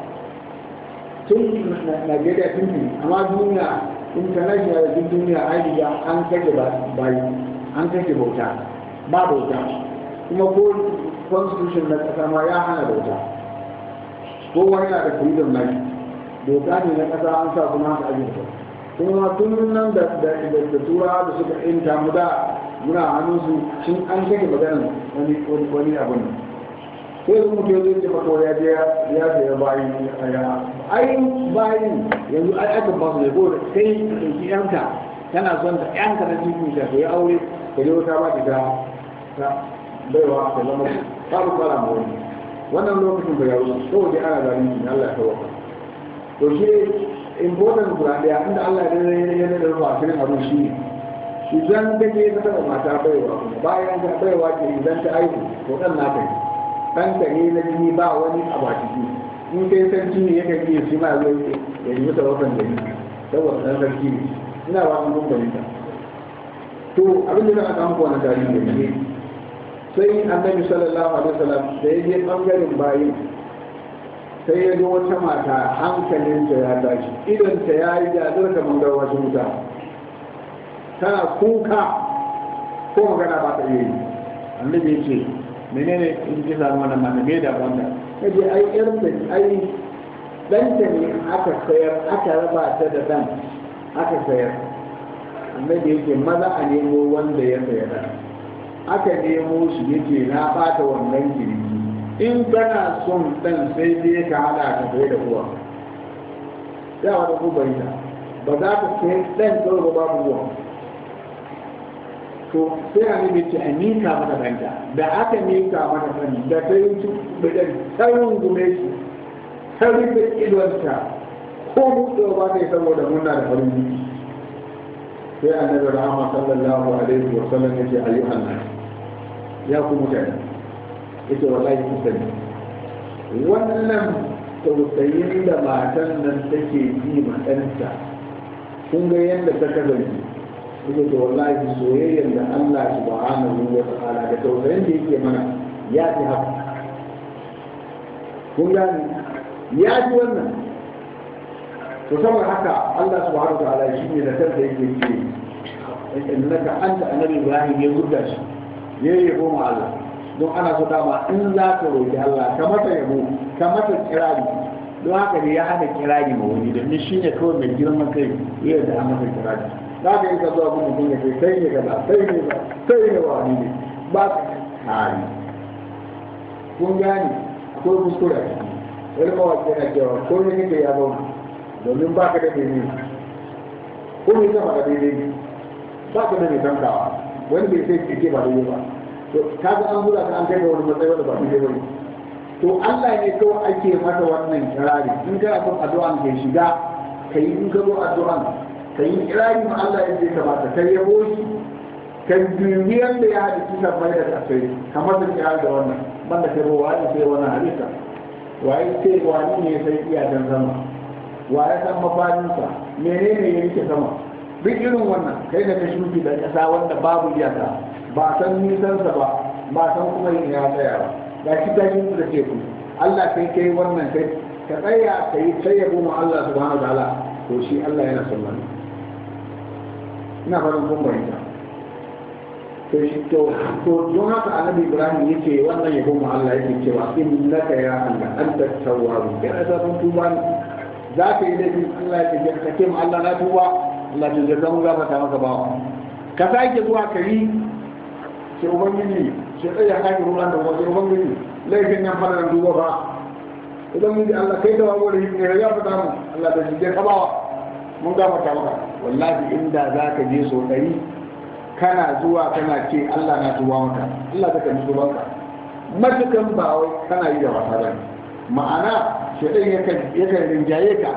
S2: tun Najeriya tun ne amma duniya international da duk duniya an riga an kashe bayi an kashe bauta ba bauta kuma ko constitution na ƙasa ma ya hana bauta kowa na da freedom na doka ne na ƙasa an sa kuma haka ajiyar kuma tun nan da turawa da suka inta mu da muna hannun su shin an kai maganar wani wani abin sai su mutu zai ce maka ya je ya saya bayi ya ai bayi yanzu ai aka ba su ne ko kai ɗauki yanka tana son ta yanka na jikin ta ya yi aure ka je wata ba ta ta baiwa ta zama babu kwara ma wani wannan lokacin bai yawon saboda ana ni Allah ya tawaka to shi important guda ɗaya inda Allah ya rage da rufa shirin abin shi ne idan ka ke ka taba mata baiwa bayan ka baiwa ke idan ta aihu to dan na kai dan ka ne na jini ba wani abu a ciki in kai san jini yake ke shi ma zai ya yi masa wakan da ni saboda dan sarki ne ina ba mun gumbari ta to abin da aka samu na tarihi ne sai annabi sallallahu alaihi wasallam da ya je bangaren bayin sai ya ga wata mata hankalinta ya tashi idonta ya yi jadar kamar gawa wuta tana kuka ko magana ba ta iya yi annabi ya ce menene in ji zama wannan mana me da wanda kaje ai yar da ai ta ne aka sayar aka raba ta da dan aka sayar annabi ya ce maza a nemo wanda ya saya da aka nemo shi yake na bata wannan kirki in kana son dan sai dai ka hada ka sai da uwa da wani ku ba za ka kai dan kawai babu uwa to sai annabi ce a mika mata banta da aka mika mata ranta da ta yi bidan tsarin gume shi ta rufe idonta ko mutuwa ba ta yi saboda muna da farin jiki sai da rahama sallallahu alaihi wa sallam ya ce ayyuhan nas ya ku mutane yace wallahi ku sani wannan tausayin da matan nan take yi ma ɗanta kun ga yadda ta kasance yake da wallahi soyayyar da Allah subhanahu wa ta'ala da tausayin da yake mana ya fi haka kun gani ya fi wannan to saboda haka Allah subhanahu wa ta'ala shi ne da kansa yake ce innaka anta annabi Ibrahim ya gudda shi ya yi goma Allah don ana so dama in za ka roƙi Allah ka mata yabo ka mata kirari don haka ne ya hana kirari ma wani domin shi ne kawai mai girman kai yadda an masa kirari za ka yi ka zuwa gudun mutum ya ce sai ne kaza sai ne ba sai ne ba ne ba tare kun gane ko kuskure a ciki wani mawaki yana cewa ko ne kake ya zauna domin ba ka da daidai ko ne ka da daidai ba ka da mai tankawa wani bai sai cike ba daidai ba to ka ga an zuwa ka an kai ga wani matsayi wanda ba daidai ba ne to Allah ne kawai ake masa wannan kirari in kana son addu'an ke shiga kai in ka zo addu'an ka yi kirari ma Allah ya ce kamata ka ya boshi ka duniyar da ya haɗu kisan mai da kasai kamar da kirari da wannan banda kai ba wani sai wani halitta waye sai wani ne sai zama? sama waye san mafaninsa menene ya rike sama duk irin wannan kai da ka shuki da ƙasa wanda babu iyaka ba san nisansa ba ba san kuma yin ya tsaya ba ga shi ta yi da teku Allah kai kai wannan kai ka tsaya ka yi tsaye mu Allah subhanahu wa ta'ala to shi Allah yana son wannan ina fatan kun ta to shi to to don haka annabi ibrahim yace wannan ya mu Allah yake cewa innaka ya Allah anta tawwab ya azabun tuban za ka yi laifin Allah ya tafi ka ce ma Allah na tuba Allah ya zama mu ta maka bawa ka sake zuwa ka yi sai ubangiji sai tsaya ka yi ruwan da wasu ubangiji laifin nan fara duba ba ubangiji Allah kai da wani ne ya fata mu Allah da jije ka bawa mun gafarta maka wallahi inda za ka je so ɗari kana zuwa kana ce Allah na tuba maka Allah zaka nufi banka matukan ba wai kana yi da wasa ba ma'ana shaɗan yakan rinjaye ka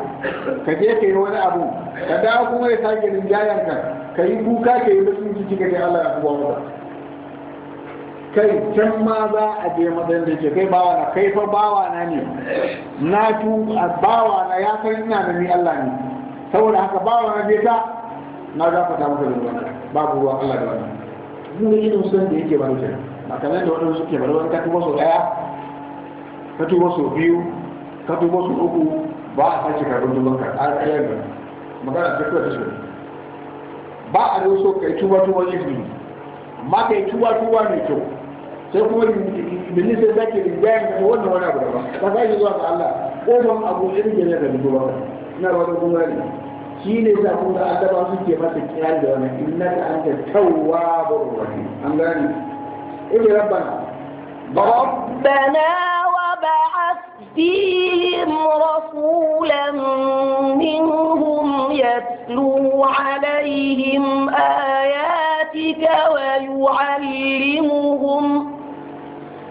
S2: ka je ka yi wani abu ka dawo kuma ya sake rinjayen ka ka yi kuka ka yi bakin ciki ka Allah na tuba maka kai can ma za a je matsayin da ke kai bawa na kai fa bawa na ne na tu bawa na ya san ina da ni Allah ne saboda haka ba wa rabe ka na gafata maka da ruwan babu ruwan Allah da wannan mun irin sun da yake baro kenan ba kamar da wadansu suke baro ka tuba sau daya ka tuba sau biyu ka tuba sau uku ba a sace karbin ka a ɗaya ga magana ta ta shi ba a zo so kai tuba tuba ne amma kai tuba tuba kyau sai kuma sai zaki rinjayen ka wannan wani abu daban ka sai zuwa ga Allah ko abu irin da da na wani gungari shi ne za ku ga adaba suke masa kiyar da wani innaka anta tawwabur rahim an gane ibi rabbana
S1: ربنا وبعث فيهم رسولا منهم يتلو عليهم آياتك ويعلمهم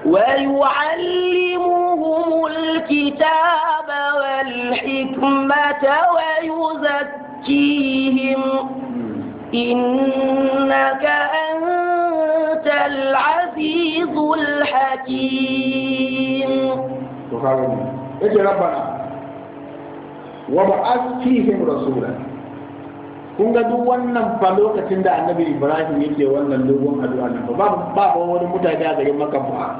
S1: ويعلمهم الكتاب والحكمة ويزكيهم إنك أنت العزيز الحكيم
S2: تخارج اجي ربنا وبعث فيهم رسولا kun ga duk wannan fa lokacin da annabi ibrahim yake wannan dogon addu'a nan ba ba wani mutane a garin maka ba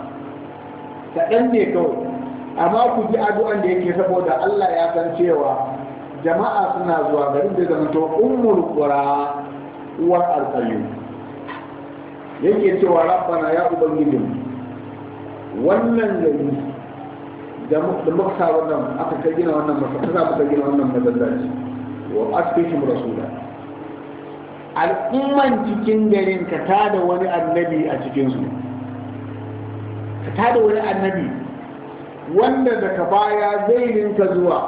S2: kaɗan ne kawai amma ku ji addu'an da yake saboda allah ya san cewa jama'a suna zuwa garin da zama to ummul qura uwar alqayyum yake cewa rabbana ya ubangiji wannan gari da muka sa wannan aka gina wannan gina wannan masallaci wa asfihim rasula al'umman cikin garin ka tada wani annabi a cikinsu ka tada wani annabi wanda daga baya zai ninka zuwa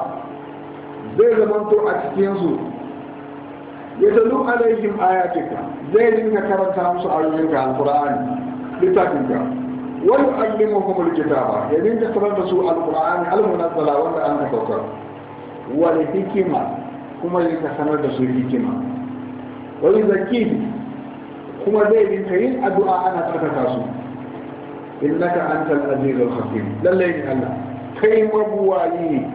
S2: zai zamanto a cikinsu ya talu alaihim ayatika zai ninka karanta musu ayoyinka alqur'ani littafinka wani allimuhum ba, ya ninka karanta su alqur'ani almunazzala wanda an ka saukar Wani hikima kuma ya sanar da su hikima wani zaki kuma zai yi rinka yin addu'a ana tsarkaka su innaka antal azizul hakim lallai ne Allah kai mabuwayi ne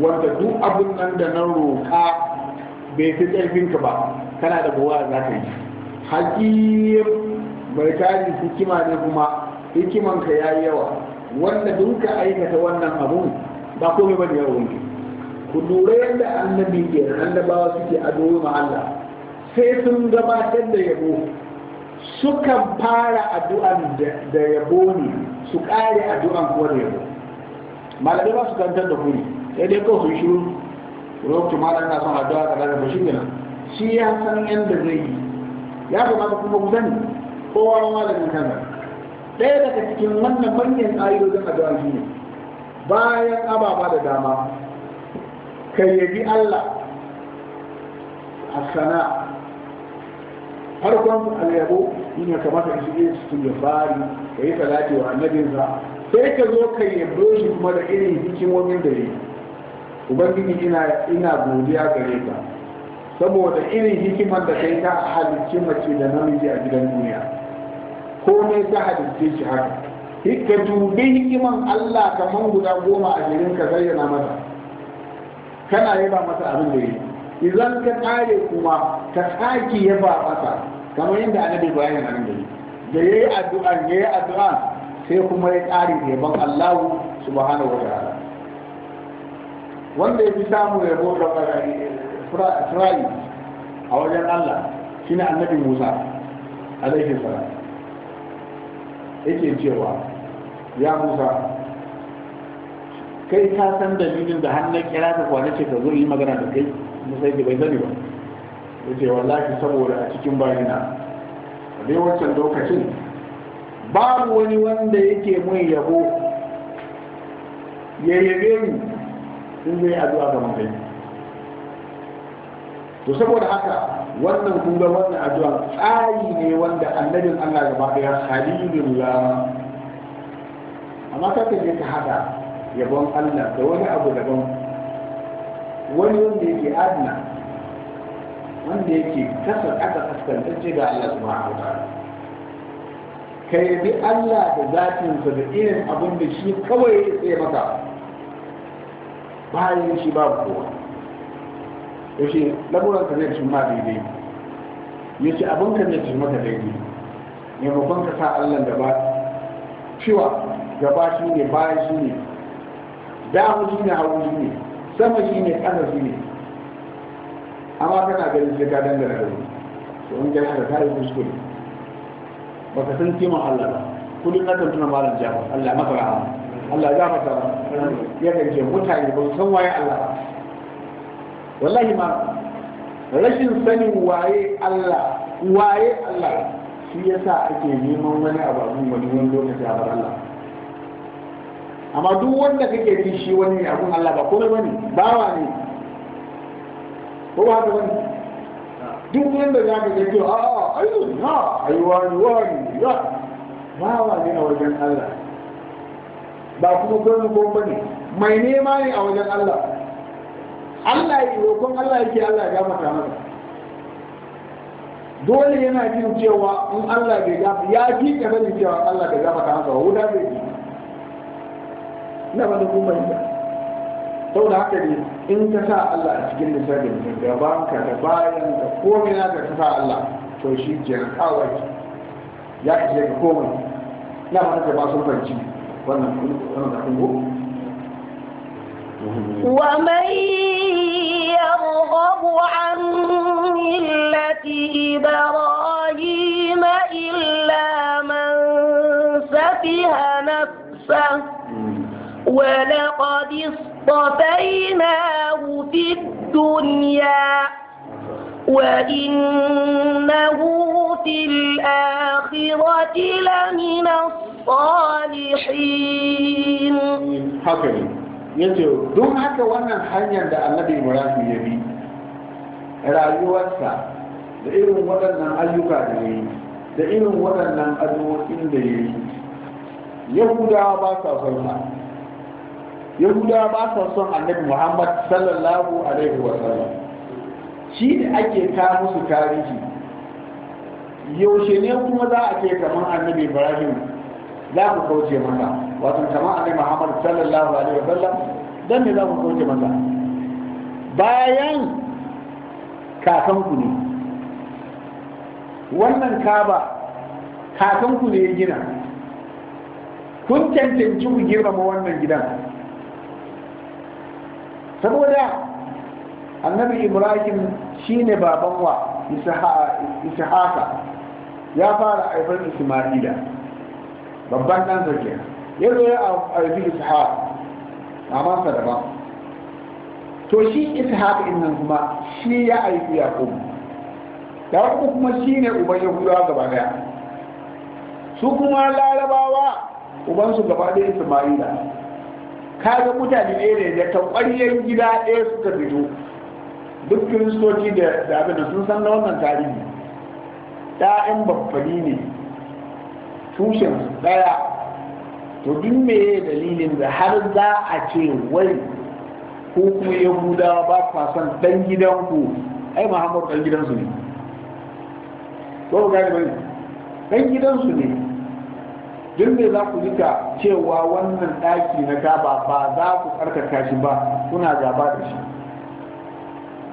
S2: wanda duk abin nan da na roƙa bai fi ƙarfinka ba kana da buwa za ka yi hakim mai kaji hikima ne kuma hikimanka ya yi yawa wanda ka aikata wannan abun ba komai ba da yawon ku lura yadda annabi ke annabawa suke addu'o'i ma Allah sai sun gabatar da yabo sukan fara addu'an da yabo ne su ƙare addu'an kuwa da yabo malabi ba su kantar da kuri sai dai kawai sun shiru lokacin malam na son addu'a ƙarar da shi gina shi ya san yadda zai yi ya kamata kuma ku sani kowa malamin kansa ɗaya daga cikin wannan manyan ayyukan addu'a shi ne bayan ababa da dama ka yabi Allah a sana'a farkon alyabo yin ya kamata in shige cikin jabari ka yi talati wa annabinsa sai ka zo ka yabo shi kuma da irin hikimomin da yi ubangiji ina ina godiya gare ka saboda irin hikimar da kai ta halicci mace da namiji a gidan duniya komai ta halicce shi haka ka dubi hikiman Allah kamar guda goma a jirin ka zayyana mata kana yaba masa abin da yi idan ka tsare kuma ka tsaki ya ba ƙasa kamar yadda annabi bayan nan da yi da ya yi addu'a ya yi addu'a sai kuma ya ƙare da yaban Allah subhanahu wa ta'ala wanda ya fi samu yabo da Isra'il a wajen Allah shine annabi Musa alaihi salam yake cewa ya Musa kai ka san dalilin da hannun kira ka kwanace ka zo yi magana da kai sai yake bai sani ba ya ce wallahi saboda a cikin bayina a dai wancan lokacin babu wani wanda yake mun yabo ya yabe ni in zai addu'a ga mutai to saboda haka wannan kun ga wannan addu'a tsari ne wanda annabin Allah gaba daya halilullah amma kaka je ka hada yabon Allah da wani abu daban wani wanda yake adina wanda yake kasa kasa kaskantacce ga Allah su ma'a ta'ala ka yabi Allah da zatinsa da irin abin da shi kawai ya tsaye maka bayan shi babu kowa yaushe laburan ka zai shi ma daidai ya ce abin ka zai cin maka daidai mafan ka sa Allah da ba cewa gaba shi ne bayan shi ne Da shi ne hau shi ne sama shi ne ƙasa shi ne amma kana ganin shi ka dangana da wani to in tarihi haka kai kuskure ka san kima Allah ba kullum na kan tuna malam jafa Allah maka ra'a. Allah ya maka ya ce mutane ba san waye Allah ba wallahi ma rashin sanin waye Allah waye Allah shi yasa ake neman wani abu wani wani lokaci a bar Allah amma duk wanda kake ji shi wani ne abun Allah ba kuma bane bawa ne ko ba haka bane duk wanda za ka ga a a ayu na ni wani wani ya bawa ne a wajen Allah ba kuma gani ko bane mai nema ne a wajen Allah Allah yi roƙon Allah yake Allah ya mata masa dole yana jin cewa in Allah bai gafa ya ji ka sani cewa Allah bai gafa masa wuta bai na wani umarniya sau da haka ne in ka sa Allah a cikin lissafin da gaban ka da bayan ka komai na ka sa Allah to shi kenan kawai ya ishe ka komai na wani ka ba sun fanci wannan kuma da kuma
S1: ومن يرغب عن ملة إبراهيم إلا من سفه نفسه ولقد اصطفيناه في الدنيا وإنه في الآخرة لمن الصالحين
S2: حكري يتو دون
S1: هكا وانا
S2: الحاجة عند النبي مراد يبي إلى أيوات لإنه وطن لن أيوكا جميل لإنه وطن لن أدوه إن دي يهودا باسا فرحان yahuda ba sa son annabi muhammad sallallahu alaihi wa sallam shi ne ake ta musu tarihi yaushe ne kuma za a ce kamar annabi ibrahim za ku kauce masa wato kamar annabi muhammad sallallahu alaihi wa sallam dan ne za ku kauce masa bayan kakanku ne wannan kaba kakanku ne ya gina kun cancanci ku girmama wannan gidan saboda annabi ibrahim shine baban wa ishaqa ya fara haifar isma'ila babban dan zake ya zo ya haifi ishaq amma sa ba to shi ishaq din nan kuma shi ya haifi yaqub yaqub kuma shine uban yahudawa gaba daya su kuma larabawa ubansu gaba daya isma'ila kaga mutane ɗaya ne da ta gida ɗaya suka fito duk kiristoci da zaɓe da sun san da wannan tarihi ɗa'yan babbali ne tushen ɗaya to duk ya dalilin da har za a ce wai ko kuma yahudawa ba kwa son ɗan gidanku ai muhammadu ɗan gidansu ne ɗan gidansu ne don me za ku rika cewa wannan ɗaki na kaba ba za ku tsarkaka shi ba kuna gaba da shi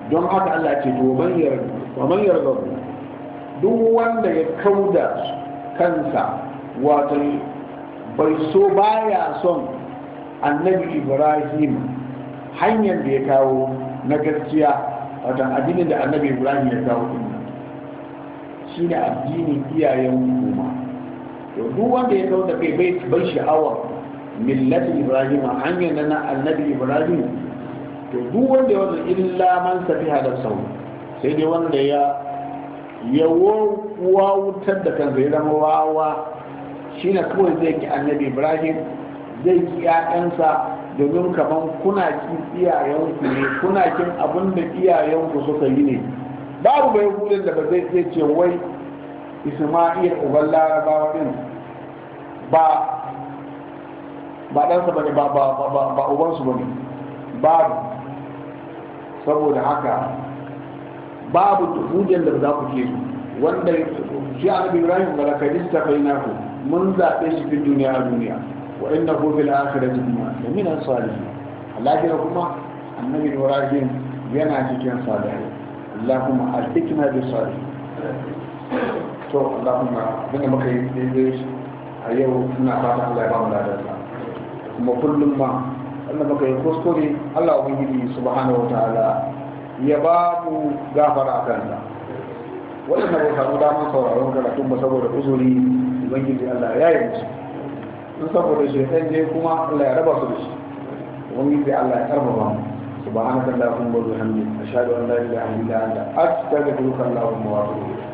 S2: don haka Allah ce to man yarda man duk wanda ya kauda kansa wato bai so baya son annabi Ibrahim hanyar da ya kawo na gaskiya wato addinin da annabi Ibrahim ya kawo din ne addinin iyayen kuma to duk wanda ya kawo kai bai bai sha'awa millat ibrahim hanyar na annabi ibrahim to duk wanda ya wanda illa man safiha da sau sai dai wanda ya ya wawutar da kansa ya zama wawa shi na kawai zai ki annabi ibrahim zai ki 'ya'yansa, domin kaman kuna ki iyayenku ne kuna kin abin da iyayenku suka yi ne babu bai hudun da ba zai ce wai isma'il uban larabawa din ba ba ɗansa ba ne ba ba ubansu ba ne babu saboda haka babu hujjar da za ku ke su wanda shi annabi ibrahim ga na ku, mun zaɓe shi fi duniya a duniya wa inna hu fil akhirati da min as-salihin ya kuma annabi ibrahim yana cikin salihin allahumma alhikna bi salihin to Allahumma dinga yi daidai a yau ina fata Allah ya ba mu ladarsa kuma kullum ma Allah yi kuskure Allah ubangiji subhanahu ya ba mu gafara akan sa waɗanda ba samu damar sauraron karatun ba saboda uzuri ubangiji Allah ya yi musu in saboda ne kuma Allah ya raba su da shi ubangiji Allah ya karfafa mu سبحانك اللهم وبحمدك أشهد أن لا إله إلا أنت